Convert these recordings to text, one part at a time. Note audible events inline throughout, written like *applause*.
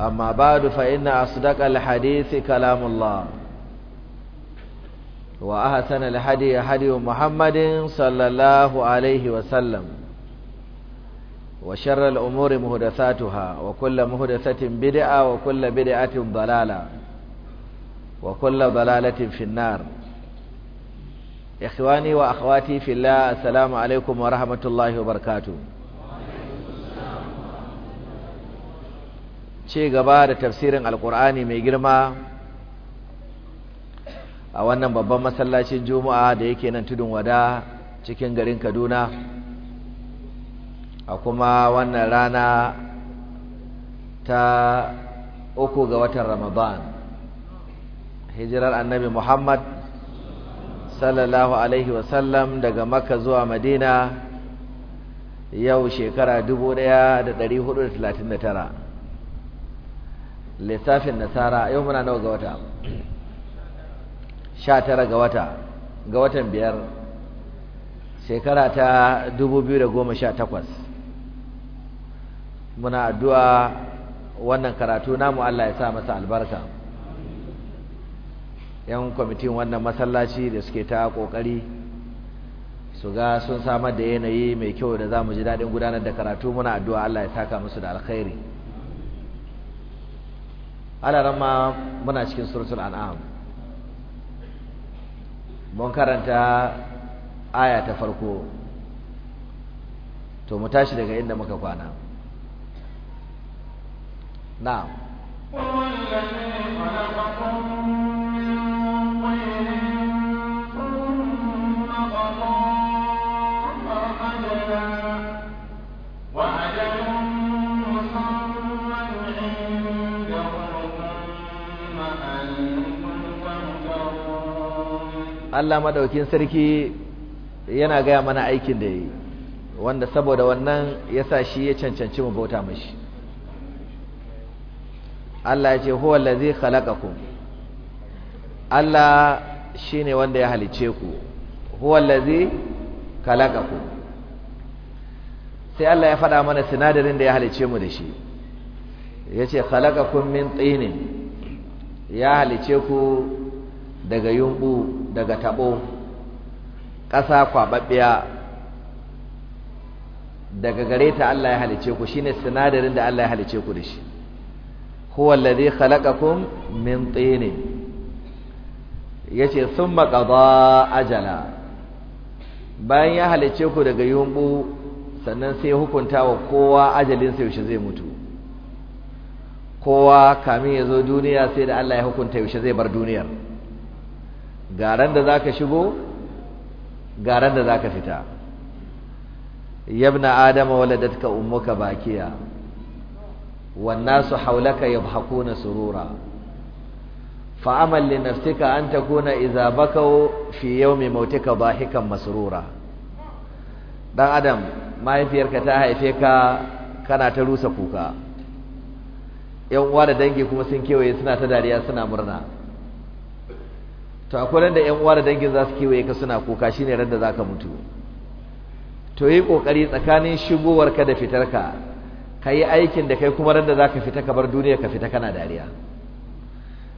أما بعد فإن أصدق الحديث كلام الله وأحسن الحدي حدي محمد صلى الله عليه وسلم وشر الأمور مهدثاتها وكل مهدثة بدعة وكل بدعة ضلالة وكل ضلالة في النار إخواني وأخواتي في الله السلام عليكم ورحمة الله وبركاته ce gaba da tafsirin alkur'ani mai girma a wannan babban masallacin juma'a da yake nan tudun wada cikin garin kaduna a kuma wannan rana ta uku ga watan ramadan hijirar annabi muhammad sallallahu alaihi wasallam daga makka zuwa madina yau shekara 1439 lissafin nasara yau muna nawa ga wata sha tara ga wata ga watan biyar shekara ta dubu biyu da goma sha takwas muna addu'a wannan karatu namu Allah ya sa masa albarka yan kwamitin wannan masallaci da suke ta ƙoƙari su ga sun samar da yanayi mai kyau da za mu ji daɗin gudanar da karatu muna addu'a Allah ya saka musu da alkhairi ana rama muna cikin suratul an'am mun karanta aya ta farko to mu tashi daga inda muka kwana na'am Allah madaukin sarki yana gaya mana aikin da yi wanda saboda wannan ya sa shi ya cancanci mu bauta mashi Allah ya ce huwa allazi khalaqakum Allah shine wanda ya halice ku huwa allazi khalaqakum sai Allah ya faɗa mana sinadarin da ya halice mu da shi ya ce khalaqakum min tinin ya halice ku daga yumbu daga taɓo ƙasa kwaɓaɓɓiya daga gare ta Allah ya halice ku shine sinadarin da Allah ya halice ku da shi huwa alladhi khalaqakum min tin yace summa qada ajala bayan ya halice ku daga yumbu sannan sai hukunta wa kowa ajalin sa yaushe zai mutu kowa kamin ya zo duniya sai da Allah ya hukunta yaushe zai bar duniyar garan da zaka shigo garan da zaka fita yabna adama waladatka ummuka bakiya wan nasu hawlaka yabhakuna surura fa'amal li nafsika an takuna idza bakau fi yawmi mautika bahikan masrura dan adam mahaifiyarka ta haife ka kana ta rusa kuka yan uwa da dangi kuma sun kewaye suna ta dariya suna murna to akwai ran da ƴan uwa da dangin za su kewaye ka suna kuka shine ran da zaka mutu to yi kokari tsakanin shigowar ka da fitarka kai aikin da kai kuma ran da zaka fita ka bar duniya ka fita kana dariya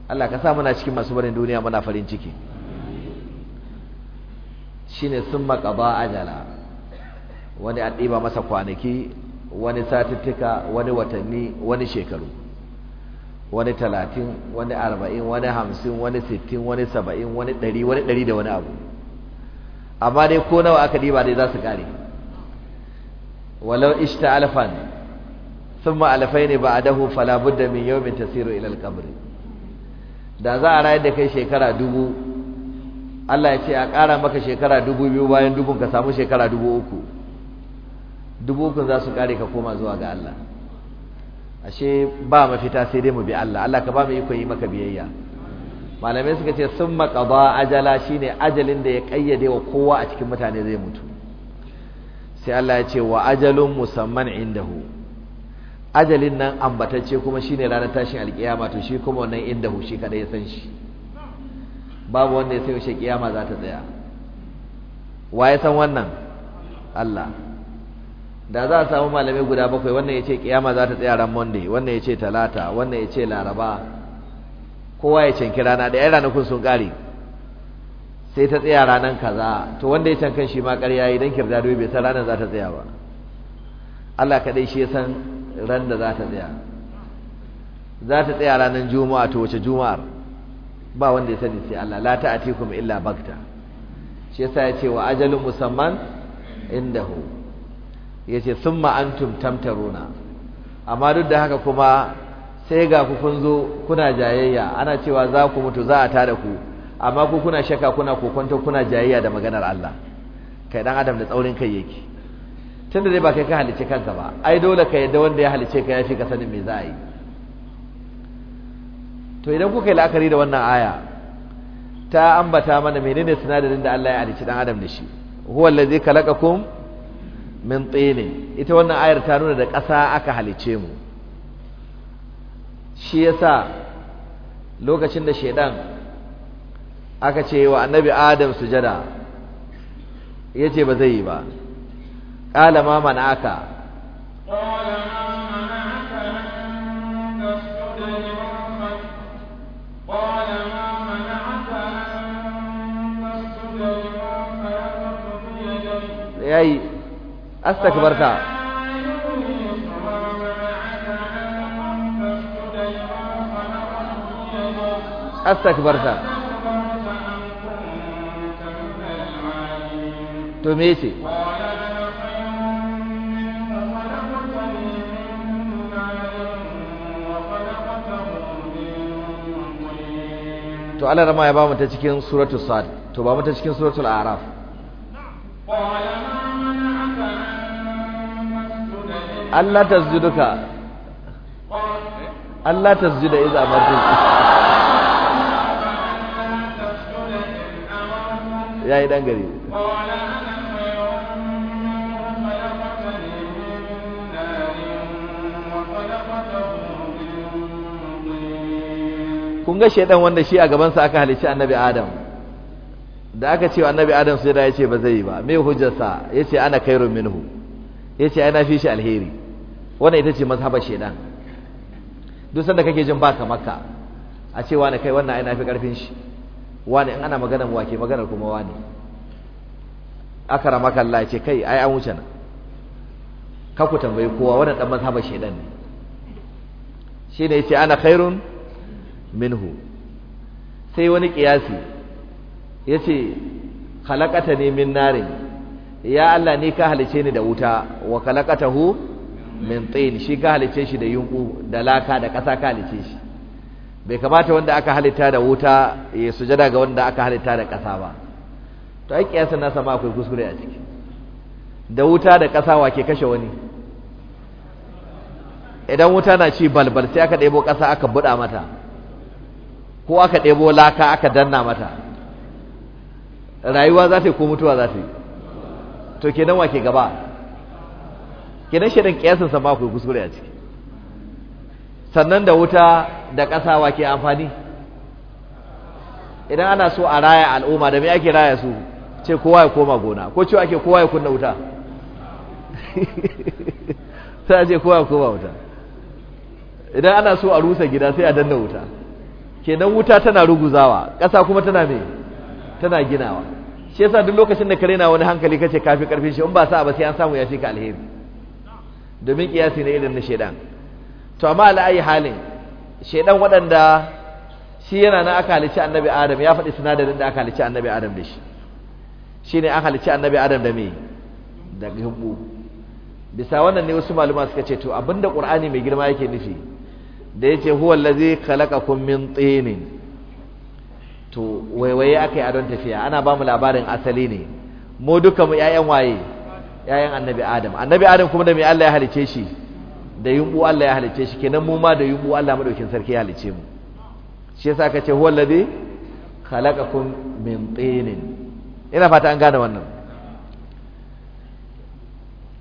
Allah ka sa muna cikin masu barin duniya muna farin ciki shine summa qada ajala wani addiba masa kwanaki wani satuttuka wani watanni wani shekaru wani talatin wani arba'in wani hamsin wani sittin wani saba'in wani ɗari wani ɗari da wani abu amma dai ko nawa aka diba dai za su ƙare walau ishta alfan sun ma'alfai ne ba a dahu falabudda min yau min tasiru ilal kabri da za a rayar da kai shekara dubu Allah ya ce a ƙara maka shekara dubu biyu bayan dubun ka samu shekara dubu uku dubu uku za su ƙare ka koma zuwa ga Allah ashe ba mafita sai dai mu bi Allah Allah ka ba mu iko yi maka biyayya malamai suka ce sun qada ajala shine ajalin da ya kayyade wa kowa a cikin mutane zai mutu sai Allah ya ce wa ajalun musamman indahu ajalin nan ambatacce kuma shine ranar tashin alkiyama to shi kuma wannan indahu shi kada ya san shi babu wanda ya sai yaushe kiyama za ta tsaya wa ya san wannan Allah da za a samu malamai guda bakwai wannan ya ce kiyama za ta tsaya ran monday wannan ya ce talata wannan ya ce laraba kowa ya canki rana da 'yan ranakun sun ƙare sai ta tsaya ranar kaza to wanda ya cankan shi ma ya yi don kirda doyi bai san ranar za ta tsaya ba Allah kaɗai shi ya san ran da za ta tsaya za ta tsaya ranar juma'a to wace juma'ar ba wanda ya sani sai Allah la ta'atikum illa bagta shi yasa ya ce wa ajalun musamman indahu yace summa antum tamtaruna amma duk da haka kuma sai ga ku kun zo kuna jayayya ana cewa za ku mutu za a tare ku amma ku kuna shaka kuna kokonto kuna jayayya da maganar Allah kai dan adam da tsaurin kai yake tunda dai ba kai ka halice kanka ba ai dole ka yadda wanda ya halice ka yafi ka sanin me za a yi to idan kuka yi la'akari da wannan aya ta ambata mana menene sinadarin da Allah ya halice dan adam da shi huwa allazi khalaqakum min tsini ita wannan ayar ta nuna da ƙasa aka halice mu shi yasa lokacin da shaidan aka ce wa annabi adam sujada ya ce ba zai yi ba ƙala ma mana aka ya yi استكبرت استكبرت تميتي to Allah rama ya ba mu ta cikin suratul sad to ba mu ta cikin suratul araf Allah ta duka Allah ta tasjuda idza amartuka yayi dan gari kun ga shaidan wanda shi a gabansa aka halicci annabi adam da aka ce wa annabi adam sai da ya ce ba zai yi ba me hujjarsa ya ce ana kairun minhu ya ce ana na fi shi alheri wannan ita ce mazhabar shedan duk sanda kake jin baka Makka, a ce wani kai wannan ai na fi karfin shi wani in ana magana mu wake maganar kuma wani akara maka Allah ce kai ai an wuce nan ka ku tambayi kowa wannan dan mazhabar shedan ne shine yace ana khairun minhu sai wani kiyasi yace khalaqata ne min narin ya Allah ni ka halice ni da wuta wa khalaqatahu min tsini shi ka halice shi da yunku da laka da ƙasa ka halice shi bai kamata wanda aka halitta da wuta ya sujada ga wanda aka halitta da ƙasa ba to ai kiyasin nasa ma akwai kuskure a ciki da wuta da ƙasa wa ke kashe wani idan wuta na ci balbal sai aka ɗebo ƙasa aka buɗa mata ko aka ɗebo laka aka danna mata rayuwa za ta yi ko mutuwa za ta yi to kenan wa ke gaba kidan shirin kiyasin sa ba ku kuskure a ciki sannan da wuta da ƙasa wa ke amfani idan ana so a raya al'umma da me ake raya su ce kowa ya koma gona ko cewa ake kowa ya kunna wuta *laughs* sai ce kowa ya koma wuta idan ana so a rusa gida sai a danna wuta kenan wuta tana ruguzawa ƙasa kuma tana me tana ginawa shi yasa duk lokacin da kare na wani hankali kace kafi karfin shi in ba sa ba sai an samu ya fi ka alheri domin kiyasi ne irin na shaidan. to amma ala ayi halin shaidan waɗanda shi yana na aka halicci annabi adam ya faɗi sinadarin da aka halicci annabi adam da shi shine an halicci annabi adam da me da gabo bisa wannan ne wasu maluma suka ce to abinda qur'ani mai girma yake nufi da yace huwa allazi khalaqakum min tinin to waiwaye aka yi a don tafiya ana ba mu labarin asali ne mu duka mu 'ya'yan waye yayan annabi adam annabi adam kuma da mai Allah ya halice shi da yumbu Allah ya halice shi kenan mu ma da yumbu Allah madaukin sarki ya halice mu shi yasa kace huwa ladhi khalaqakum min tinin ina fata an gane wannan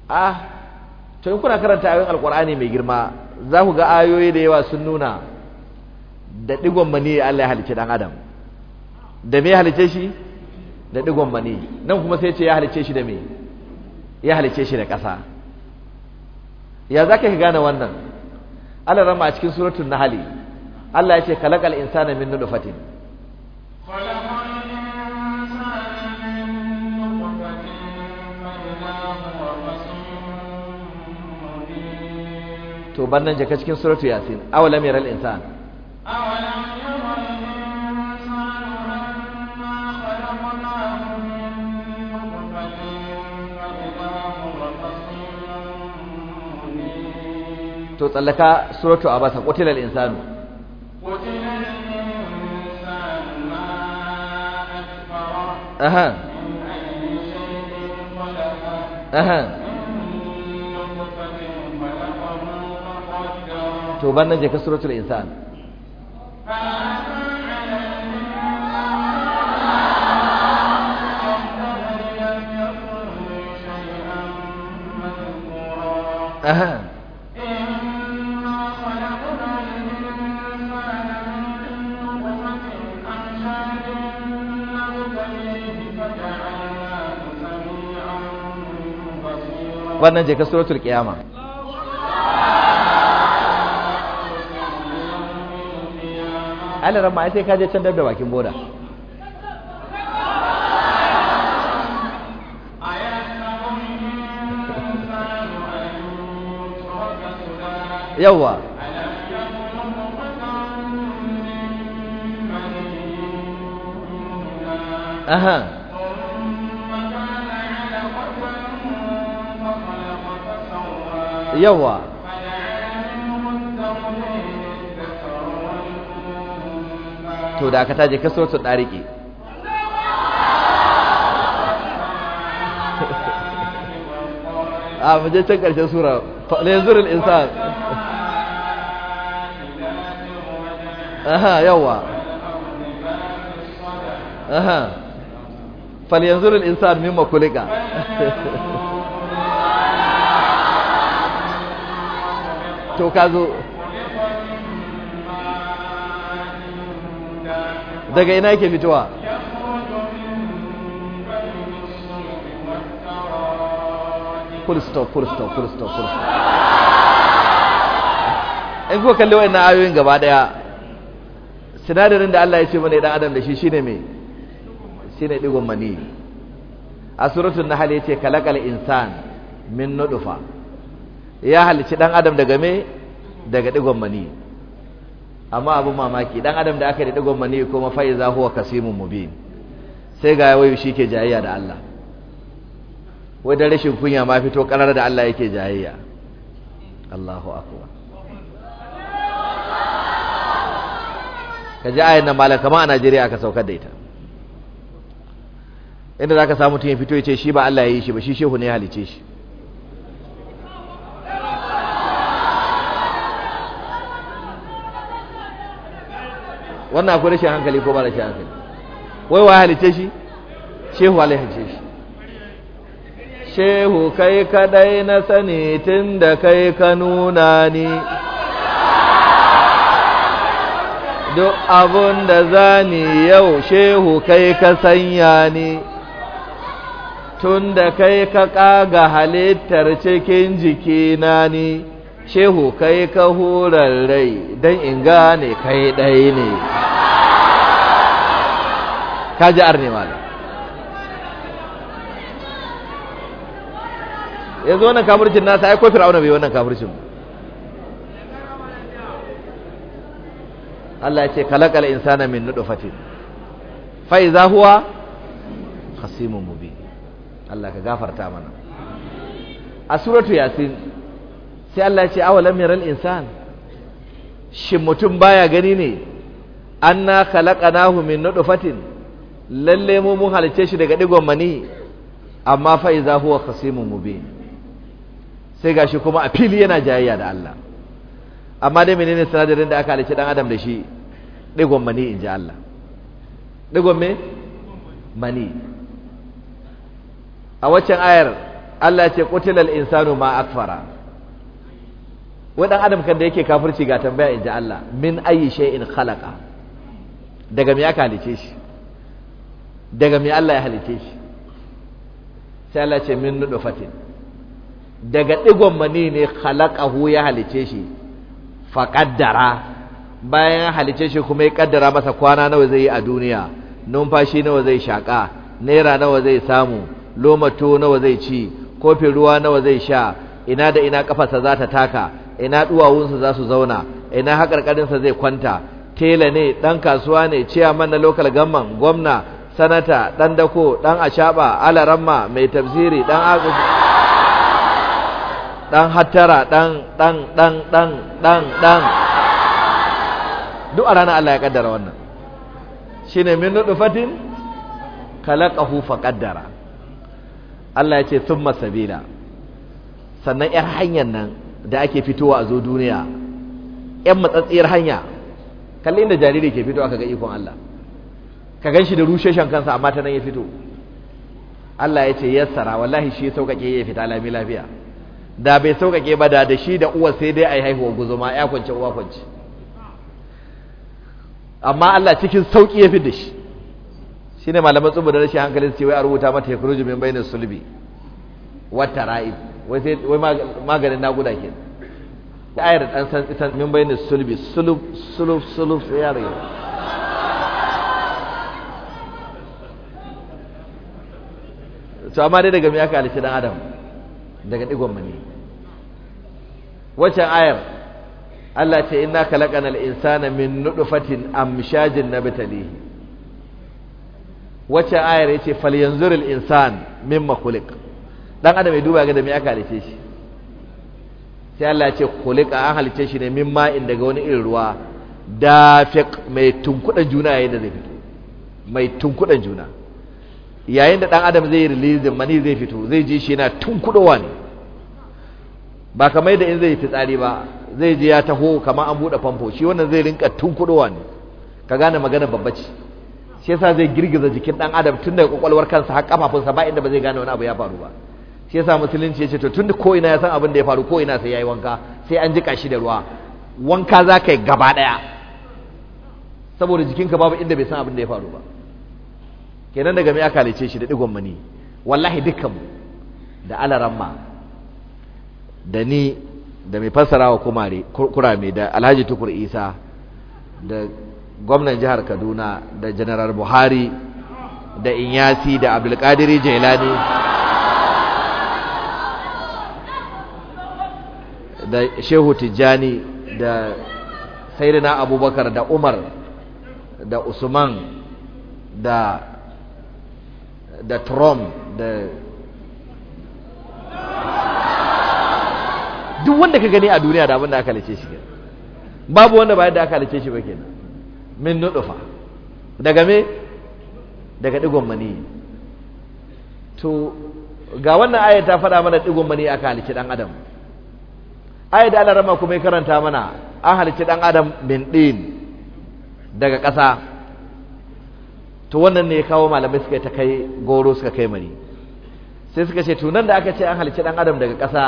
ah to in kuna karanta ayoyin alqur'ani mai girma za ku ga ayoyi da yawa sun nuna da digon mani Allah ya halice dan adam da me ya halice shi da digon mani nan kuma sai ce ya halice shi da me ya halice shi da ƙasa ya za ka gane wannan Allah rama a cikin suratun nahali Allah ya ce kalakal insana min nutfatin to bannan jaka cikin suratu yasin awalam yaral insana to tsallaka suratu a basa al-insanu to ban nan je ka suratul insan wannan jeka ka suratul qiyama Allah ramma sai ka je can dab da bakin boda yawa aha yawa to da aka taje kaso su ɗariƙe *laughs* a je can ƙarshen sura lezurin insan *laughs* aha yawa aha falyanzurin insan mimma kulika *laughs* to ka zo daga ina yake fitowa kulistop kulistop kulistop kulistop in kuka kalli na ayoyin gaba daya sinadarin da Allah ya ce mana idan adam da shi shine mai shine digon mani a suratun suratul ya ce kalakal insan min nudufa ya halicci dan adam daga me daga digon mani amma abu mamaki dan adam da aka da digon mani kuma fa iza huwa kasimun mubin sai ga wayo ke jayayya da Allah wai da rashin kunya ma fito karar da Allah yake jayayya Allahu akbar kaji ayin nan ma a Najeriya aka saukar da ita inda zaka samu tun fito ya ce shi ba Allah ya yi shi ba shi shehu ne ya halice shi wannan akwai rashin hankali ko ba rashin hankali wai wa halice shi shehu wa halice shi shehu kai kadai na sani tun da kai ka nuna ni duk abun da za zani yau shehu kai ka sanya ni tun da kai ka ƙaga halittar cikin jikina ni shehu kai ka hurar rai don in gane kai ɗaya ne ka ji arne malam yanzu wannan kamurcin nasa ai kofin auna bai wannan kamurcin. Allah ya ce kalakal insana min nutfatin fai za huwa hasimun mubi, Allah ka gafarta mana a suratu yasin sai Allah ya ce awalam yaral insan shi mutum baya gani ne anna khalaqnahu min nutfatin lalle mu mun halice shi daga digon mani amma fa iza huwa khasimun mubin sai gashi kuma a fili yana jayayya da Allah amma dai menene sinadarin da aka halice dan adam da shi digon mani inji Allah digon me mani a waccan ayar Allah ya ce qutilal insanu ma akfara dan adam kan da yake kafirci ga tambaya inji Allah min ayi shay'in khalaqa daga me aka halice shi daga me Allah ya halice shi sai Allah ce min fatin. daga digon mani ne khalaqahu ya halice shi fa qaddara bayan halice shi kuma ya kaddara masa kwana nawa zai yi a duniya numfashi nawa zai shaka naira nawa zai samu lomato nawa zai ci kofin ruwa nawa zai sha ina da ina kafarsa za ta taka ina duwawunsa za su zauna ina haƙarƙarinsa zai kwanta tela ne ɗan kasuwa ne ciyaman na local gamman gwamna sanata ɗan dako ɗan ashaɓa alaramma mai tafsiri ɗan agus dan hattara dan dan dan dan dan. dan duk a ranar Allah ya ƙaddara wannan shine ne min nuɗufatin kalaƙahu fa ƙaddara Allah ya ce thumma sabila sannan ‘yar hanyar nan da ake fitowa a zo duniya yan matsatsiyar hanya kalli inda jariri ke fitowa kaga ikon Allah ka gan shi da rusheshen kansa amma ta nan ya fito Allah ya ce yassara wallahi shi sauƙaƙe ya fita lami lafiya da bai sauƙaƙe ba da da shi da uwa sai dai a yi haihuwa guzuma ya kwance uwa kwance amma Allah cikin sauƙi ya fi da shi shi ne malaman tsubu da rashin hankalin su ce wai a rubuta mata ya kuru bai bayanin sulbi wata ra'ib wai sai wai maganin naguda ke da ayar dan san isan min bayin sulbi sulub sulub sulub sai ya rage to amma dai daga me aka halice dan adam daga digon mani waccan ayar Allah ce inna khalaqana al-insana min nutfatin amshajin nabtalihi wacce ayar yace falyanzuril insan mimma khuliqa dan adam ya duba ga da me aka halice shi sai Allah ya ce khuliqa an halice shi ne min ma'in daga wani irin ruwa dafiq mai tunkudan juna yayin da zai fito mai tunkudan juna yayin da dan adam zai release mani zai fito zai ji shi yana tunkudowa ne ba kamar da in zai fitsari ba zai je ya taho kamar an bude famfo shi wannan zai rinka tunkudowa ne ka gane magana babba ce shi yasa zai girgiza jikin dan adam tun daga kwakwalwar kansa har kafafunsa ba inda ba zai gane wani abu ya faru ba shi yasa musulunci ya ce to tun ko ina ya san abin da ya faru ko ina sai yayi wanka sai an jika shi da ruwa wanka za ka yi gaba daya saboda jikinka babu inda bai san abin da ya faru ba kenan daga mai aka halice shi da digon mani wallahi dukkanmu da alaramma da ni da mai fassara wa kumare kurame da Alhaji Tukur Isa da gwamnan jihar Kaduna da General Buhari da Inyasi da Abdulkadir Jailani da shehu tijjani da sayyidina abubakar da umar da usman da da trom da duk wanda ka gani a duniya da abin da aka lice shi babu wanda bayan da aka lice shi ba kenan min nudufa daga me daga digon mani to ga wannan aya ta faɗa mana digon mani aka halice dan adam ai da alarama kuma ya karanta mana an halicci dan adam min din daga ƙasa to wannan ne ya kawo malamai suka ta kai goro suka kai mari sai suka ce tunan da aka ce an halicci dan adam daga ƙasa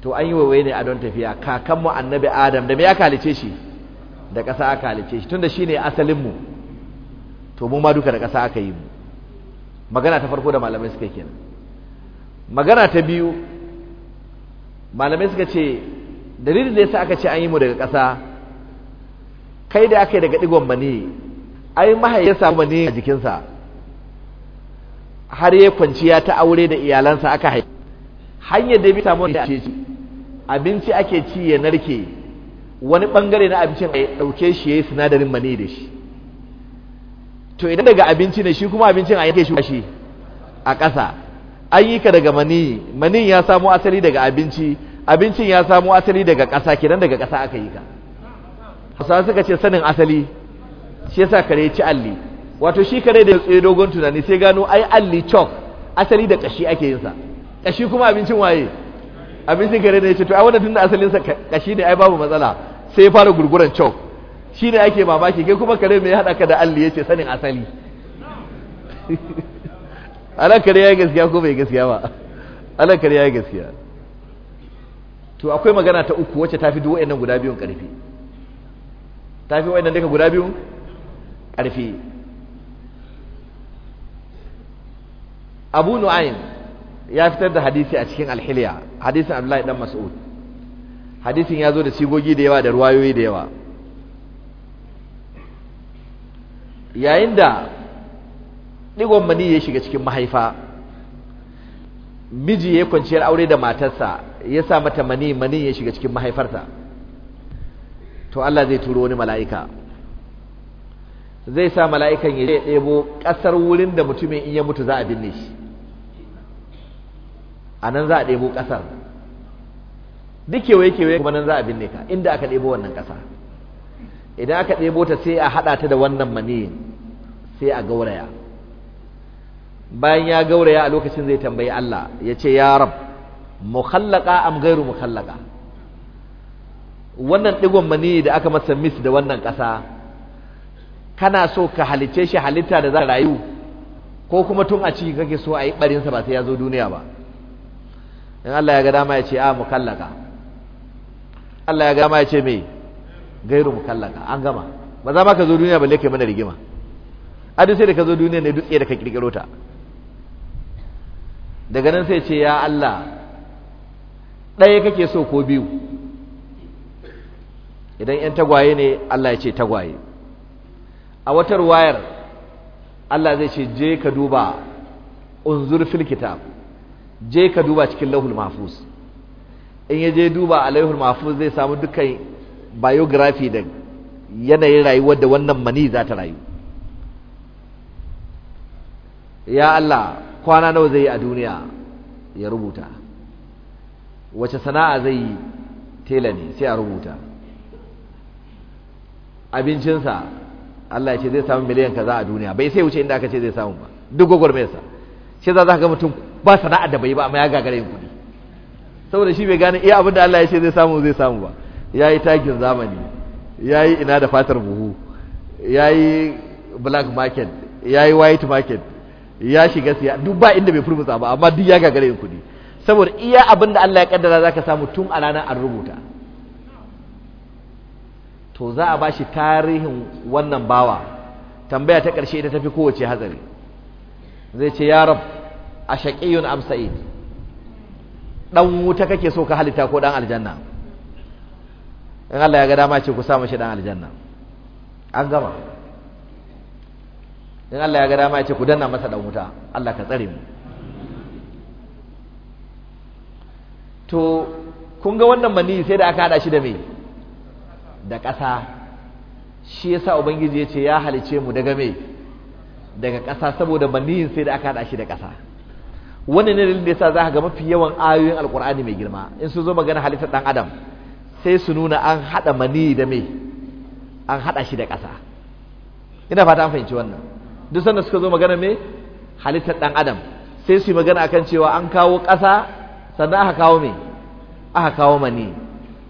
to an yi waiwaye ne a don tafiya kakanmu annabi adam da me aka halice shi da ƙasa aka halice shi tunda shine asalin mu to mu ma duka da ƙasa aka yi mu magana ta farko da malamai suka kenan magana ta biyu malamai suka ce dalilin da ya sa aka ce an yi mu daga ƙasa kai da aka yi daga digon mani ai mahaifin ya samu mani a jikinsa har ya kwanciya ta aure da iyalansa aka haifi hanyar da bi samu da ce abinci ake ci ya narke wani bangare na abincin a ɗauke shi ya yi sinadarin mani da shi to idan daga abinci ne shi kuma abincin a yake shi a ƙasa an yi ka daga mani manin ya samo asali daga abinci abincin ya samo asali daga ƙasa kenan daga ƙasa aka yi ka hausawa suka ce sanin asali shi yasa kare ci alli wato shi kare da tsaye dogon tunani sai gano ai alli chalk asali da kashi ake yin sa kashi kuma abincin waye abincin kare ne ya ce to ai wannan tunda asalin sa kashi ne ai babu matsala sai ya fara gurguran chalk shine ake mamaki kai kuma kare me ya hada ka da alli yace sanin asali *laughs* ana kare ya yi gaskiya ko bai gaskiya ba ana kare ya yi gaskiya to akwai magana ta uku wacce tafi duwa wayannan guda biyun karfi tafi nan daga guda biyun karfi Abu nu'ayin ya fitar da hadisi a cikin alhiliya hilya hadisin Abdullahi dan Mas'ud hadisin ya zo da sigogi da yawa da ruwayoyi da yawa yayin da digon mani ya shiga cikin mahaifa miji ya kwanciyar aure da matarsa ya sa mata mani mani ya shiga cikin mahaifarta to Allah zai turo wani mala'ika zai sa mala'ikan ya ɗebo ƙasar wurin da mutumin in ya mutu za a binne shi a nan za a ɗebo ƙasar duk kewaye-kewaye kuma nan za a binne ka inda aka ɗebo wannan ƙasa idan aka ɗebo ta sai a haɗa ta da wannan maniyin sai a gauraya bayan ya gauraya a lokacin zai tambayi Allah ya ce ya rab mukhallaka am gairu mukhallaka wannan digon mani da aka masa miss da wannan ƙasa kana so ka halice shi halitta da za rayu ko kuma tun a ciki kake so a yi sa ba sai ya zo duniya ba in Allah ya ga dama ya ce a mukhallaka Allah ya ga dama ya ce me gairu mukhallaka an gama ba za ma ka zo duniya balle kai mana rigima a duk sai da ka zo duniya ne duk tsaye da ka kirkiro ta daga nan sai ce ya Allah ɗaya kake so ko biyu idan 'yan tagwaye ne Allah ya ce tagwaye a watar wayar Allah zai ce je ka duba unzur fil kitab je ka duba cikin lahul mahfuz in ya je duba a lahul mahfuz zai samu dukkan biography da yanayin rayuwar da wannan mani za ta rayu ya Allah kwana nawa zai yi a duniya ya rubuta wace sana'a zai yi tela ne sai a rubuta abincinsa Allah ya ce zai samu miliyan kaza a duniya bai sai wuce inda aka ce zai samu ba duk gwagwarmayarsa sai za za ga mutum ba sana'a da bai ba amma ya gagara yin kuɗi saboda shi bai gane iya eh, abin da Allah ya ce zai samu zai samu ba ya yi takin zamani ya yi ina da fatar buhu ya yi black market ya yi white market ya shiga siya duk ba inda bai furbusa ba amma duk ya gagare yin kuɗi saboda iya abin da Allah ya kaddara ka samu tun a ranar an rubuta to za a shi tarihin wannan bawa tambaya ta ƙarshe ita tafi kowace hatsari zai ce ya rab a shaƙiyun am sa'id dan wuta kake so ka halitta ko dan aljanna in Allah ya ga dama ce ku sa shi dan aljanna an gama in Allah ya ga dama ya ce ku danna masa dan wuta Allah ka tsare mu to kun ga wannan mani sai da aka hada shi da me da ƙasa shi yasa ubangiji ya ce ya halice mu daga me daga ƙasa saboda maniyin sai da aka hada shi da ƙasa wannan ne dalilin da yasa za ka ga mafi yawan ayoyin alkur'ani mai girma in su zo magana halittar dan adam sai su nuna an hada mani da me an hada shi da ƙasa ina fata an fahimci wannan duk sanda suka zo magana me halittar ɗan adam sai su yi magana akan cewa an kawo ƙasa sannan aka kawo me aka kawo mani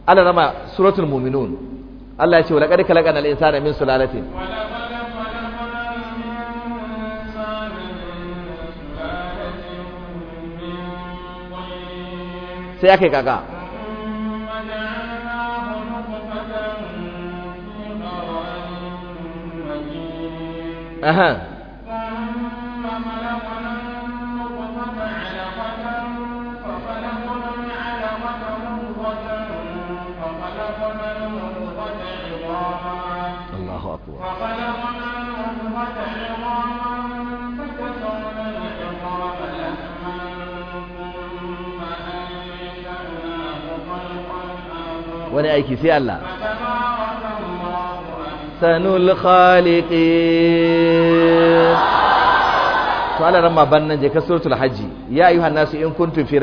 Allah rama suratul mu'minun Allah ya ce wa laqad khalaqnal insana min sulalatin sai yi kaka أها ثم خلقنا النطفة علقة فخلقنا فخلقنا عظاما الله أكبر فخلقنا المضغة عظاما فكسرنا لحما ثم ahsanul khaliqin to Allah ran ma je ka suratul hajji ya ayyuhan nasu in kuntum fi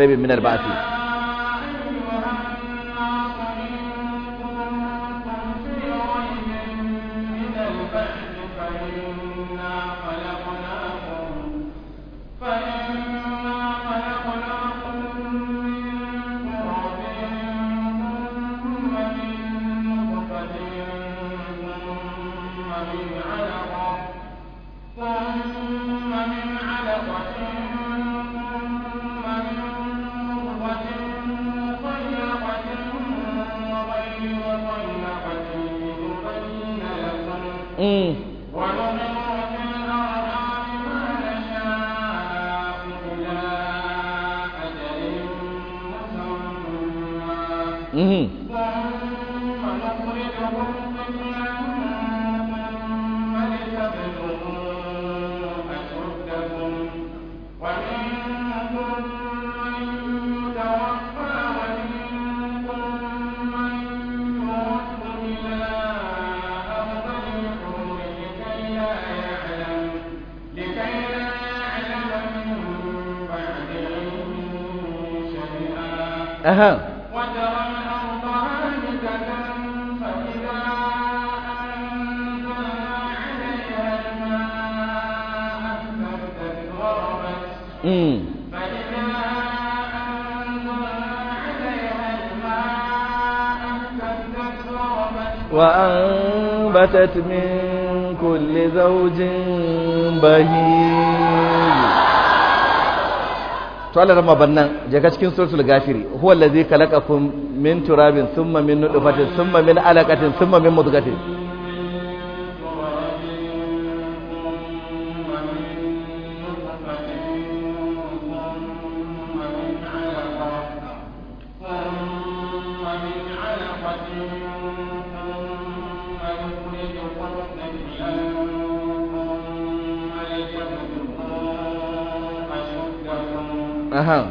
Mm. لها الأرض فإذا عليها الماء فإذا عليها الماء وأنبتت من Allah rama bannan je ka cikin suratul gafiri huwa allazi khalaqakum min turabin thumma min nutfatin thumma min alaqatin thumma min mudghatin Thank you. أها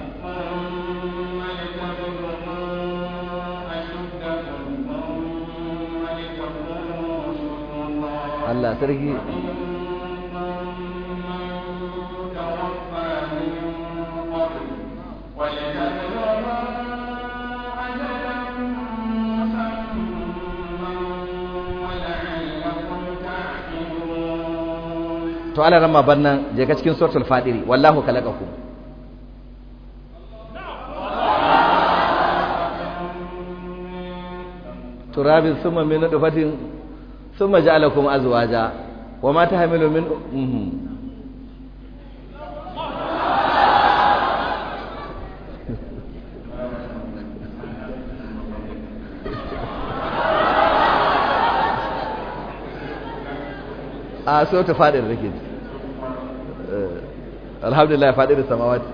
Allah sarki to ala ramma bannan je ka cikin suratul fadiri wallahu khalaqakum turabin summa min nutfatin summa ja'alakum azwaja wa ma tahmilu min uhm. *laughs* a so ta fadin rikin eh, alhamdulillah fadin samawati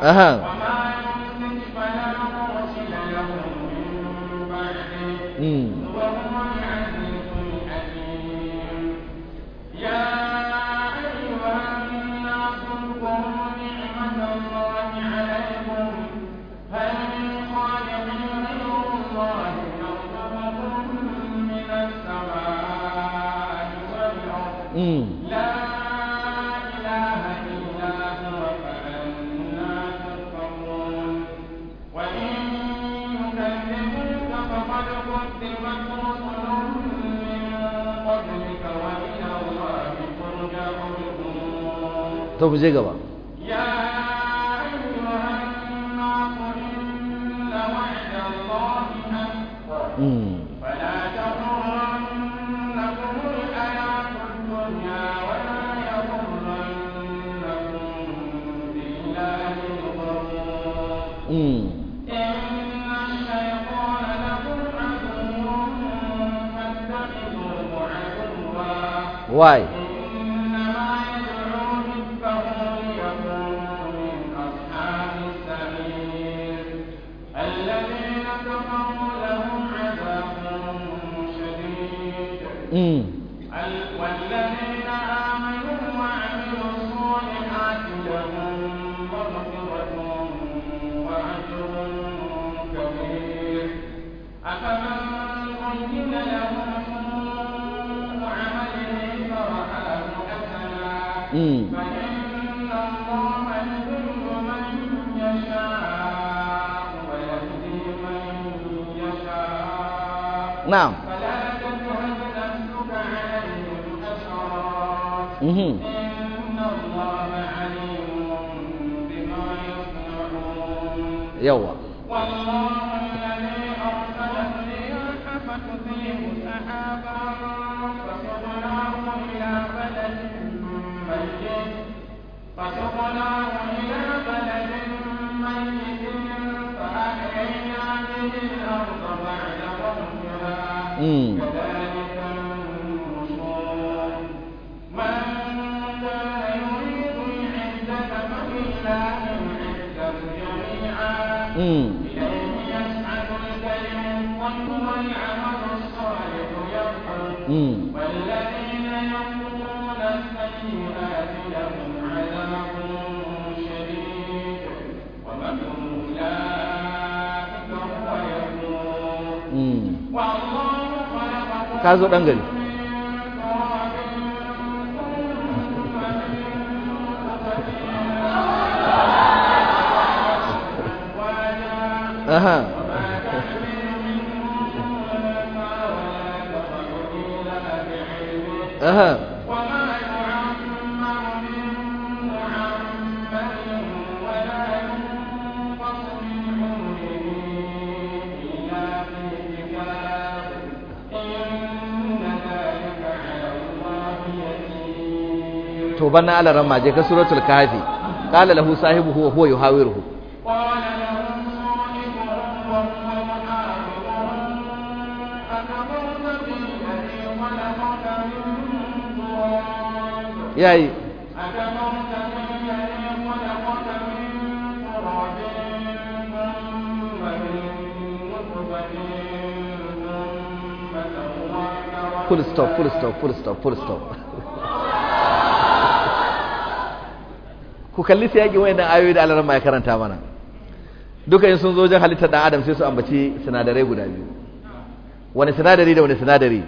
嗯哼。to ku je gaba Mm. Why? 叫我 ka zo ɗan gari بنا على رماجة سورة الكافي قال له صاحبه وهو يحاوره يا أي فول ستوب فول ستوب فول ستوب فول ستوب ku kalli sai yake wayannan ayoyi da Allah ya karanta mana duka in sun zo wajen halittar dan adam sai su ambaci sinadarai guda biyu wani sinadari da wani sinadari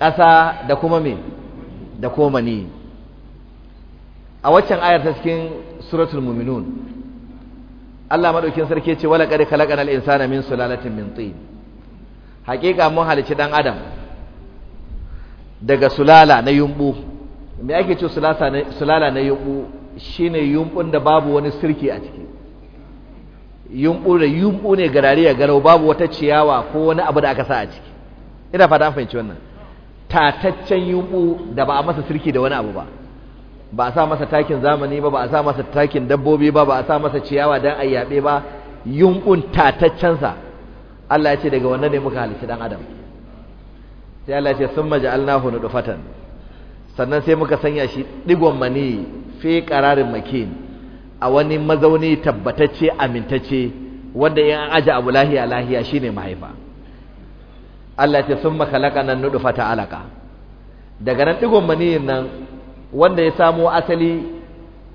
ƙasa da kuma me da kuma ni a waccan ayar ta cikin suratul muminun Allah madaukin sarki ce wala qad khalaqnal insana min sulalatin min tin haƙiƙa mun halici dan adam daga sulala na yumbu me ake ce sulala na yumbu shine yumbun da babu wani sirki a ciki yumbu da yumbu ne garari ya garau babu wata ciyawa ko wani abu da aka sa a ciki ina fata an fahimci wannan tataccen yumbu da ba a masa sirki da wani abu ba ba a sa masa takin zamani ba ba a sa masa takin dabbobi ba ba a sa masa ciyawa dan ayyabe ba yumbun tataccen sa Allah ya ce daga wannan ne muka halici dan adam sai Allah ya ce summa ja'alnahu nudfatan sannan sai muka sanya shi digon mani fi ƙararin makin a wani mazauni tabbatacce amintacce wanda in an aje abu lahiya lahiya shine mahaifa Allah ta summa khalaqana nudfata alaƙa. daga nan digon mani nan wanda ya samo asali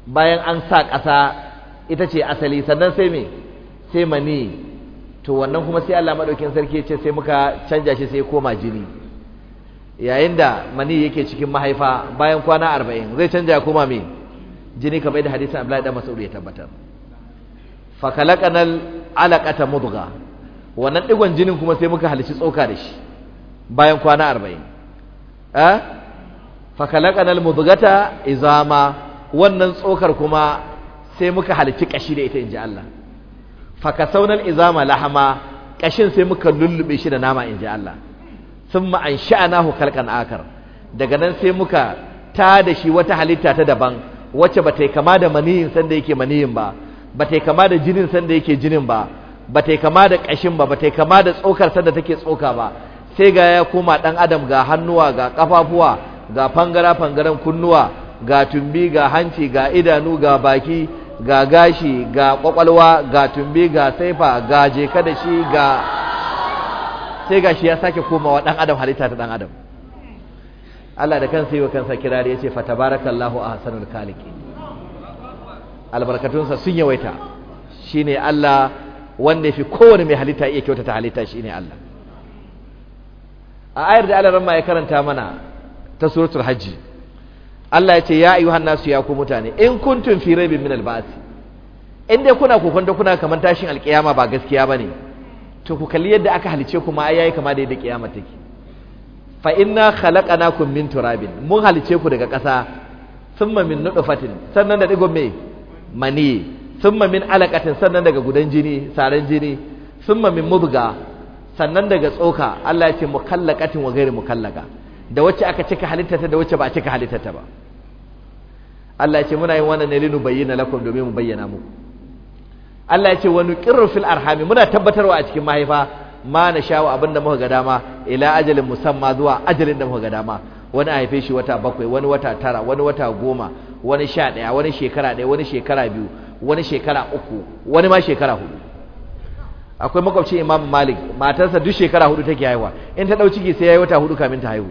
bayan an sa ƙasa ita ce asali sannan sai me sai mani to wannan kuma sai Allah madaukin sarki ya ce sai muka canja shi sai koma jini yayin da mani yake cikin mahaifa bayan kwana arba'in zai canja koma mi. jini kamar da hadisun Abdullahi da masu ya tabbatar fa alaƙata mudga wannan digon jinin kuma sai muka halici tsoka da shi bayan kwana arba'in eh fa izama wannan tsokar kuma sai muka halici ƙashi da ita in ji Allah fa izama lahama Ƙashin sai muka lullube shi da nama in ji Allah sun thumma ansha'nahu kalkan akar daga nan sai muka ta da shi wata halitta ta daban wacce ba ta yi kama da maniyin sanda yake maniyin ba ba ta yi kama da jinin sanda yake jinin ba ba ta yi kama da ƙashin ba ba ta yi kama da tsokar sanda take tsoka ba sai ga ya koma ɗan adam ga hannuwa ga ƙafafuwa ga fangara fangaren kunnuwa ga tumbi ga hanci ga idanu ga baki ga gashi ga ƙwaƙwalwa ga tumbi ga saifa ga jeka da shi ga sai gashi ya sake komawa dan adam halitta ta dan adam Allah da kansa yi wa kansa kirari ya ce fa a ahsanul kaliki albarkatunsa sun yawaita shi ne Allah wanda fi kowane mai halitta iya kyautata halitta shi ne Allah a ayar da Allah ramma ya karanta mana ta suratul hajji Allah ya ce ya ayyuhan nasu ya ku mutane in kuntum fi raibin min al-ba'th in dai kuna kokonta kuna kaman tashin alkiyama ba gaskiya bane to ku kalli yadda aka halice ku ma yayi kama da yadda kiyama take fa inna khalaqnakum min turabin mun halice ku daga ƙasa thumma min nutfatin sannan da digon me mani thumma min alaqatin sannan daga gudan jini saran jini thumma min mubga sannan daga tsoka Allah ya ce mukallaqatin wa ghairi mukallaqa da wacce aka cika halittata da wacce ba a cika halittata ba Allah ya ce muna yin wannan ne linu bayyana lakum domin mu bayyana muku Allah ya ce wa nuqirru fil arhami muna tabbatarwa a cikin mahaifa ma na shawo abin da muka ga dama ila ajalin musamma zuwa ajalin da muka ga dama wani a haife shi wata bakwai wani wata tara wani wata goma wani sha ɗaya wani shekara ɗaya wani shekara biyu wani shekara uku wani ma shekara hudu akwai makwabcin imam malik matarsa duk shekara hudu take haihuwa in ta ɗau ciki sai ya yi wata hudu kamin ta haihu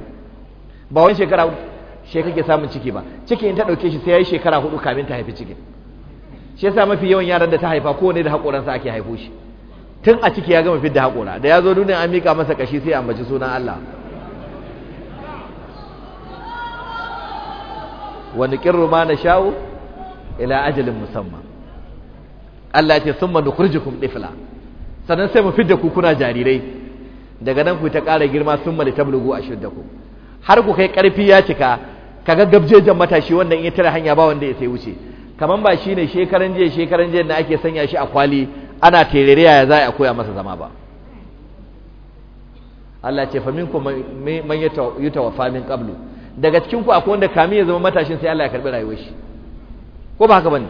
ba wani shekara hudu ke samun ciki ba ciki in ta ɗauke shi sai ya yi shekara hudu kamin ta haifi cikin shi yasa mafi yawan yaran da ta haifa kowane da haƙoransa ake haifo shi tun a ciki ya gama fidda haƙora da ya zo duniya an miƙa masa kashi sai ambaci sunan Allah wani ƙirru ma na shawo ila ajalin musamman Allah ce sun manu kurjikun ɗifla sannan sai mu fidda ku kuna jarirai daga nan ku ta ƙara girma sun mali tablugu a ku. har ku kai ƙarfi ya cika kaga gabjejen matashi wannan ya tare hanya ba wanda ya sai wuce kaman ba shi ne shekaran jiya shekaran jiya da ake sanya shi a kwali ana terere ya za a koya masa zama ba Allah ce famin ku man wafa min qablu daga cikin ku akwai wanda kami ya zama matashin sai Allah ya karbi rayuwar shi ko ba haka bane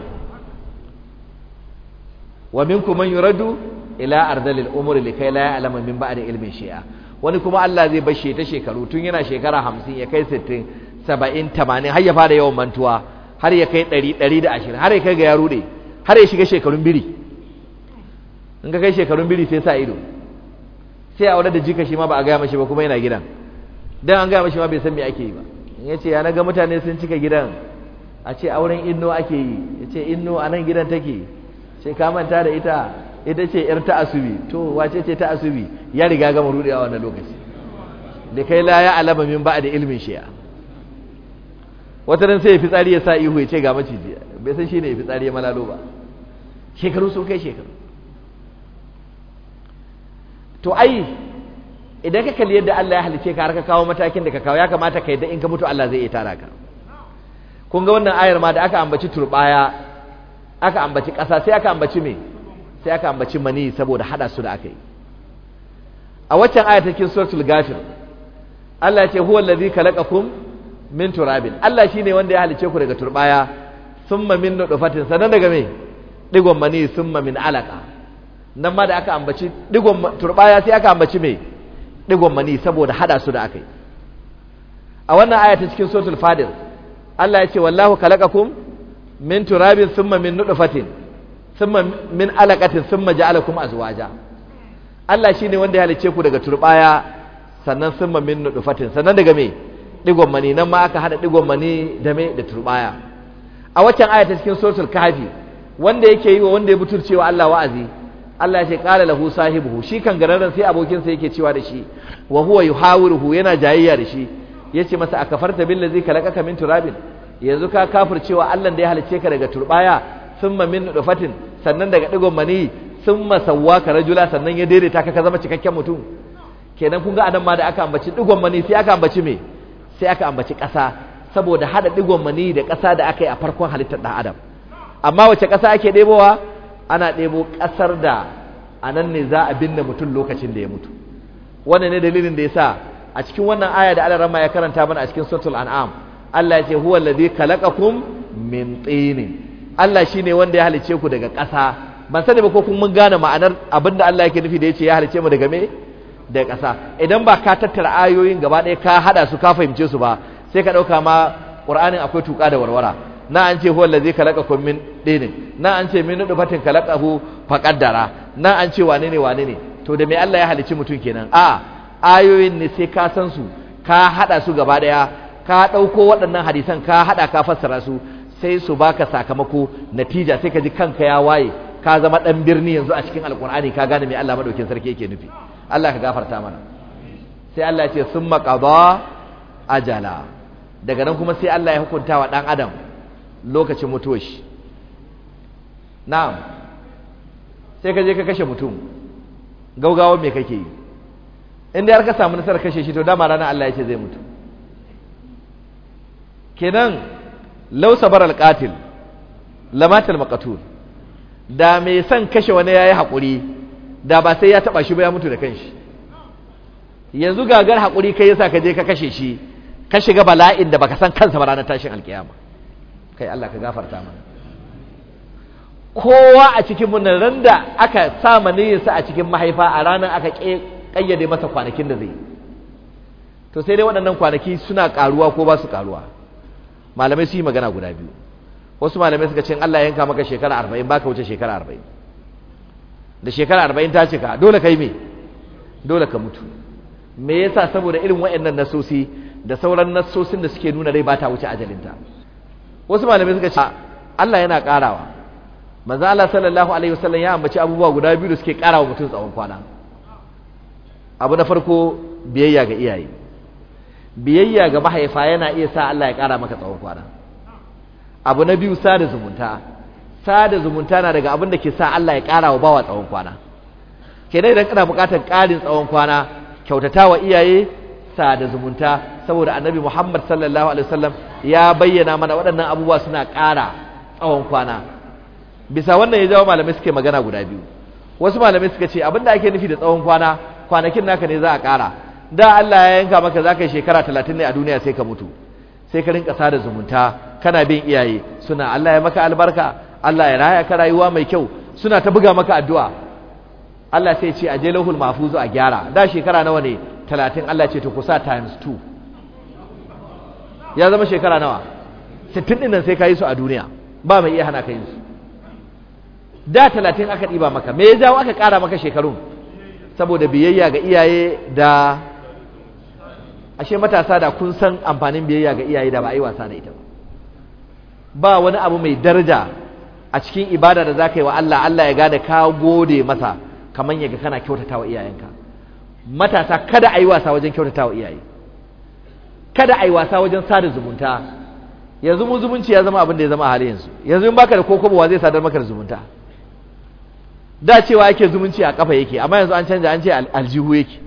wa ku man yuradu ila ardalil umri likai la ya'lamu min ba'di ilmin shay'a wani kuma Allah zai bashe ta shekaru tun yana shekara 50 ya kai 60 70 80 har ya fara yawan mantuwa har ya kai ɗari ɗari da ashirin har ya kai ga yaro ne har ya shiga shekarun biri in ka kai shekarun biri sai sa ido sai a wadda da jika shi ma ba a gaya mashi ba kuma yana gidan dan an gaya mashi ma bai san me ake yi ba in ya ce ya naga mutane sun cika gidan a ce auren inno ake yi ya ce inno a nan gidan take ce ka manta da ita ita ce yar ta asubi to wace ce ta asubi ya riga gama rudewa wannan lokaci da kai la ya alama min ba da ilmin shi'a wata ran sai ya fitsari ya sa ihu ya ce ga maciji bai san ne ya fitsari ya malalo ba shekaru sun kai shekaru to ai idan ka kalli yadda Allah ya halice ka har ka kawo matakin da ka kawo ya kamata ka yadda in ka mutu Allah zai iya tara ka kun ga wannan ayar ma da aka ambaci turbaya aka ambaci ƙasa sai aka ambaci me sai aka ambaci mani saboda hada su da aka yi a waccan ayar cikin suratul ghafir Allah ya ce huwa allazi khalaqakum min turabin Allah shine wanda ya halice ku daga turbaya summa min nutfatin sanan daga me digon mani summa min alaka nan ma da aka ambaci digon turbaya sai aka ambaci me digon mani saboda hada su da akai a wannan aya ta cikin suratul fadil Allah ya ce wallahu khalaqakum min turabin summa min nutfatin summa min alaqatin summa ja'alakum azwaja Allah shine wanda ya halice ku daga turbaya sannan summa min nutfatin sanan daga me digon mani nan ma aka hada digon mani da me da turbaya a waccan ayata cikin suratul kahfi wanda yake yi wa wanda ya cewa Allah wa'azi Allah ya ce qala lahu sahibuhu shi kan gararan sai abokin sa yake cewa da shi wa huwa yuhawiruhu yana jayayya da shi yace masa akafarta billazi kalakaka min turabin yanzu ka kafircewa Allah da ya halice ka daga turbaya thumma min nutfatin sannan daga digon mani thumma sawwaka rajula sannan ya daidaita ka ka zama cikakken mutum kenan kun ga anan ma da aka ambaci digon mani sai aka ambaci me sai aka ambaci ƙasa saboda haɗa ɗigon mani da ƙasa da aka yi a farkon halittar ɗan adam amma wace ƙasa ake ɗebowa ana ɗebo ƙasar da a nan ne za a binne mutum lokacin da ya mutu wannan ne dalilin da ya sa a cikin wannan aya da Allah ya karanta mana a cikin suratul an'am Allah ya ce huwa allazi khalaqakum min tin Allah shine wanda ya halice ku daga ƙasa ban sani ba ko kun mun gane ma'anar abinda Allah yake nufi da yace ya halice mu daga me da ƙasa idan ba ka tattara ayoyin gaba ɗaya ka haɗa su ka fahimce su ba sai ka ɗauka ma ƙur'anin akwai tuƙa da warwara na an ce huwa allazi khalaqakum min dinin na an ce min kalaƙa khalaqahu faƙaddara na an ce wane ne wane ne to da me Allah ya halicci mutum kenan a ayoyin ne sai ka san su ka haɗa su gaba ɗaya ka ɗauko waɗannan hadisan ka haɗa ka fassara su sai su baka sakamako natija sai ka ji kanka ya waye ka zama ɗan birni yanzu a cikin alƙur'ani ka gane me Allah madaukin sarki yake nufi Allah ka gafarta mana sai Allah ya ce sun makaba ajala daga nan kuma sai Allah ya hukunta wa ɗan adam lokacin mutuwar shi na'am sai ka je ka kashe mutum gaugawa me kake yi inda har ka samu nasarar kashe shi to dama ranar Allah ya ce zai mutu kenan lausa sabar alƙatil lamatal maqatul da mai son kashe wani ya yi haƙuri da ba sai ya taba shi ba ya mutu da kanshi yanzu gagar hakuri kai yasa ka je ka kashe shi ka shiga bala'in da baka san kansa ba ranar tashin alkiyama kai Allah ka gafarta mana kowa a cikin mun ran da aka sa maniyinsa a cikin mahaifa a ranar aka kayyade masa kwanakin da zai to sai dai waɗannan kwanaki suna karuwa ko ba su karuwa malamai su yi magana guda biyu wasu malamai suka ce Allah yanka maka shekara arba'in baka wuce shekara arba'in da shekara arba'in ta cika dole ka yi me dole ka mutu me yasa saboda irin waɗannan nasosi da sauran nasosin da suke nuna rai ba ta wuce ajalinta wasu malamai suka ce Allah yana karawa manzo Allah sallallahu alaihi wasallam ya ambaci abubuwa guda biyu da suke karawa mutum tsawon kwana abu na farko biyayya ga iyaye biyayya ga mahaifa yana iya sa Allah ya kara maka tsawon kwana abu na biyu sa da zumunta sada zumunta na daga abin da ke sa Allah ya ƙara wa bawa tsawon kwana kenan idan kana buƙatar ƙarin tsawon kwana kyautata wa iyaye sada zumunta saboda annabi Muhammad sallallahu alaihi wasallam ya bayyana mana waɗannan abubuwa suna ƙara tsawon kwana bisa wannan ya jawo malamai suke magana guda biyu wasu malamai suka ce abin da ake nufi da tsawon kwana kwanakin naka ne za a ƙara da Allah ya yanka maka za ka yi shekara talatin ne a duniya sai ka mutu sai ka rinka sada zumunta kana bin iyaye suna Allah ya maka albarka Allah ya raya ka rayuwa mai kyau suna ta buga maka addu'a Allah sai ce a je lahul mahfuzu a gyara da shekara nawa ne 30 Allah ce to ku sa times 2 ya zama shekara nawa 60 din nan sai ka yi su a duniya ba mai iya hana ka yin su da 30 aka diba maka me ya jawo aka kara maka shekarun saboda biyayya ga iyaye da ashe matasa da kun san amfanin biyayya ga iyaye da ba a yi wasa da ita ba ba wani abu mai daraja a cikin ibada da za ka yi wa Allah Allah ya gada ka gode masa kamar yaga kana kyautata wa iyayenka matasa kada a yi wasa wajen kyautata wa iyaye kada a yi wasa wajen sada zumunta yanzu mun zumunci ya zama abin da ya zama a halin yanzu yanzu in baka da koko ba zai sadar maka da zumunta da cewa yake zumunci a kafa yake amma yanzu an canja an ce aljihu yake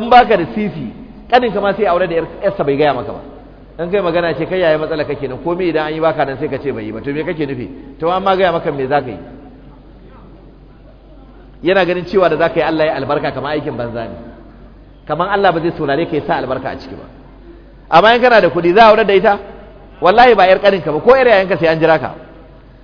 in baka da sisi kanin kama sai aure da yarsa bai gaya maka ba in kai magana ce kai yaya matsala kake nan komai idan an yi baka nan sai ka bai yi ba to me kake nufi to an ma gaya maka me za ka yi yana ganin cewa da za ka yi Allah ya albarka kamar aikin banza ne kamar Allah ba zai saurare ka ya sa albarka a ciki ba amma in kana da kuɗi za a wurar da ita wallahi ba yar ka ba ko yar ka sai an jira ka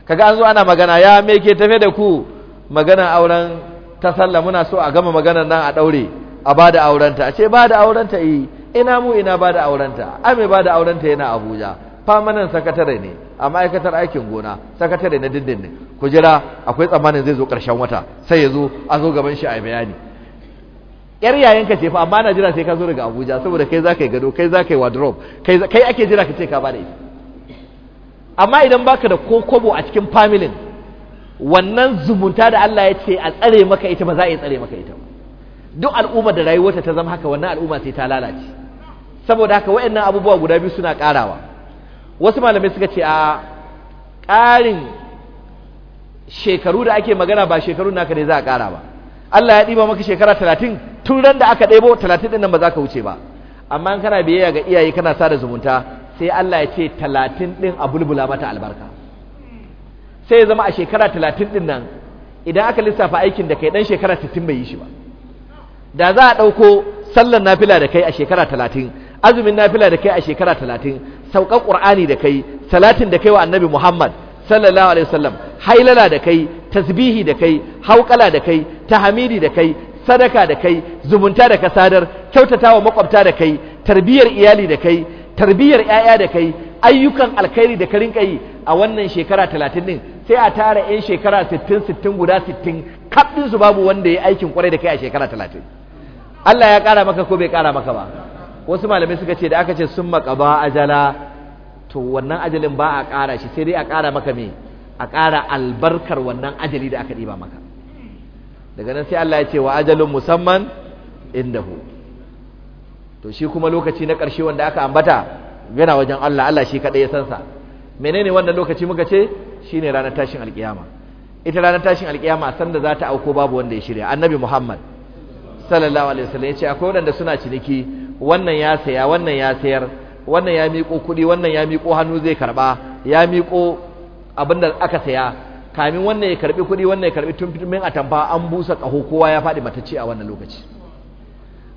kaga an zo ana magana ya me ke tafe da ku magana auren ta sallah muna so a gama maganar nan a ɗaure a ba da aurenta a ce ba da aurenta yi eh, ina mu ina ba da aurenta a mai ba da aurenta yana abuja famanan sakatare ne a ma'aikatar aikin gona sakatare na dindindin ku jira akwai tsammanin zai zo ƙarshen wata sai ya zo a zo gaban shi a bayani yar yayanka ce fa amma na jira sai ka zo daga abuja saboda kai za ka yi gado kai za ka yi wardrobe kai ake jira ka ce ka ba da ita amma idan baka da ko kobo a cikin familin wannan zumunta da Allah ya ce a tsare maka ita ba za a yi tsare maka ita ba duk al'umma da rayuwarta ta zama haka wannan al'umma sai ta lalace saboda haka waɗannan abubuwa guda biyu suna ƙarawa wasu malamai suka ce a ƙarin shekaru da ake magana ba shekaru naka ne za a ƙara ba Allah ya diba maka shekara talatin tun ran da aka debo talatin ɗin nan ba za ka wuce ba amma in kana biyayya ga iyaye kana sa da zumunta sai Allah ya ce talatin ɗin a bulbula mata albarka sai ya zama a shekara talatin ɗin nan idan aka lissafa aikin da kai dan shekara sittin bai yi shi ba da za a ɗauko sallar nafila da kai a shekara talatin azumin nafila da kai a shekara talatin saukar ƙur'ani da kai salatin da kai wa annabi muhammad sallallahu alaihi wasallam hailala da kai tasbihi da kai hauƙala da kai tahamidi da kai sadaka da kai zumunta da kasadar wa makwabta da kai tarbiyyar iyali da kai tarbiyyar 'ya'ya da kai ayyukan alkhairi da karin kai a wannan shekara talatin din sai a tara 'yan shekara sittin sittin guda sittin kaɗin su babu wanda ya aikin kwarai da kai a shekara talatin. Allah ya ƙara maka ko bai ƙara maka ba wasu malamai suka ce da aka ce sun maka a ajala to wannan ajalin ba a ƙara shi sai dai a ƙara maka me a ƙara albarkar wannan ajali da aka ɗiba maka daga nan sai Allah ya ce wa ajalin musamman hu to shi kuma lokaci na ƙarshe wanda aka ambata yana wajen Allah Allah shi kaɗai ya san sa menene wannan lokaci muka ce shine ranar tashin alƙiyama ita ranar tashin alƙiyama sanda za ta auko babu wanda ya shirya annabi Muhammad sallallahu alaihi wasallam yace akwai wanda suna ciniki wannan ya saya wannan ya sayar wannan ya miƙo kuɗi wannan ya miƙo hannu zai karba ya miƙo abin da aka saya kamin wannan ya karbi kuɗi wannan ya karbi tumfitumin atamfa an busa ƙaho kowa ya faɗi matacce a wannan lokaci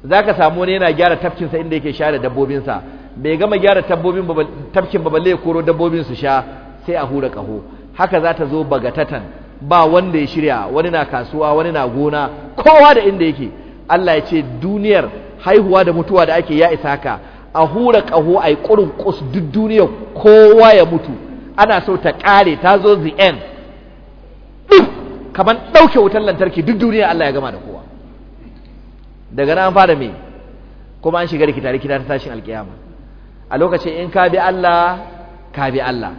zaka samu wani yana gyara tafkinsa inda yake share dabbobinsa bai gama gyara tafkin ba balle ya koro dabbobin su sha sai a hura ƙaho haka za ta zo bagatatan ba wanda ya shirya wani na kasuwa wani na gona kowa da inda yake Allah ya ce duniyar haihuwa da mutuwa da ake ya isa ka a hura ƙaho a yi ƙurin ƙus duk duniyar kowa ya mutu ana so ta ƙare ta zo the end kamar ɗauke wutar lantarki duk duniya Allah ya gama da kowa daga nan fara me kuma an shiga rikita rikita ta tashin alƙiyama. a lokacin in ka bi Allah ka bi Allah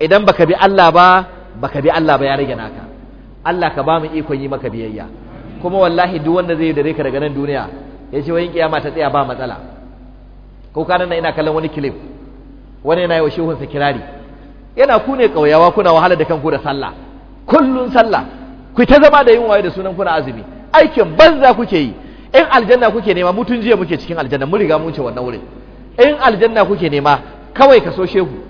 idan baka bi Allah ba baka bi Allah ba ya rage naka Allah ka ba mu ikon yi maka biyayya kuma wallahi duk wanda zai dare ka daga nan duniya ya ce wayin kiyama ta tsaya ba matsala ko kana nan ina kallon wani clip wani yana yi wa shehunsa kirari yana ku ne kauyawa kuna wahala da kanku da sallah kullun sallah ku ta zama da yin waye da sunan kuna azumi aikin banza kuke yi in aljanna kuke nema mutun jiya muke cikin aljanna mun riga mun ce wannan wurin in aljanna kuke nema kawai ka so shehu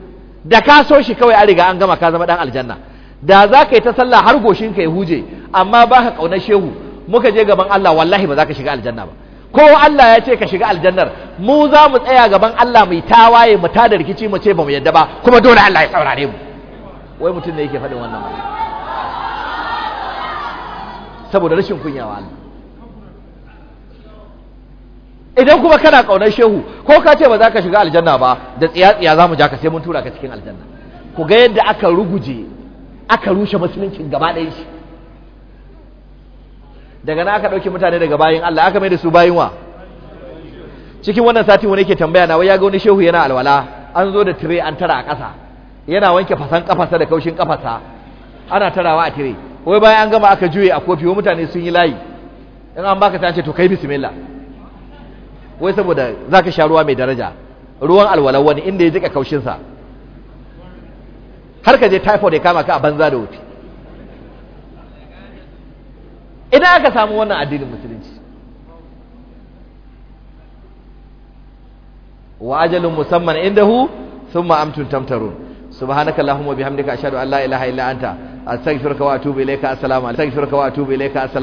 da ka so shi kawai an riga an gama ka zama dan aljanna da za ka yi ta sallah har goshin ka ya huje amma ba ka ƙaunar shehu muka je gaban Allah wallahi ba za ka shiga aljanna ba ko Allah ya ce ka shiga aljannar mu za mu tsaya gaban Allah mai tawaye mu tada rikici mu ce ba mu yadda ba kuma dole Allah ya saurare mu wai mutum ne yake faɗin wannan saboda rashin kunya wa Allah idan kuma kana kaunar shehu ko ka ce ba za ka shiga aljanna ba da tsiya-tsiya za mu ja ka sai mun tura ka cikin aljanna ku ga yadda aka ruguje aka rushe musuluncin gaba ɗaya shi daga na aka ɗauki mutane daga bayin Allah aka mai da su bayin wa cikin wannan sati wani ke tambaya na wai ya ga wani shehu yana alwala an zo da tire an tara a ƙasa yana wanke fasan kafasa da kaushin kafasa ana tarawa a tire wai bayan an gama aka juye a kofi wa mutane sun yi layi in an baka ta ce to kai bismillah wai saboda zaka sha ruwa mai daraja ruwan alwalan wani inda ya jika kaushinsa har ka je typhoid ya kama ka a banza da wuce idan aka samu wannan addinin musulunci wa ajalun musamman indahu thumma amtun tamtarun subhanaka allahumma bihamdika ashhadu an la ilaha illa anta astaghfiruka wa atubu ilayka assalamu astaghfiruka wa atubu ilayka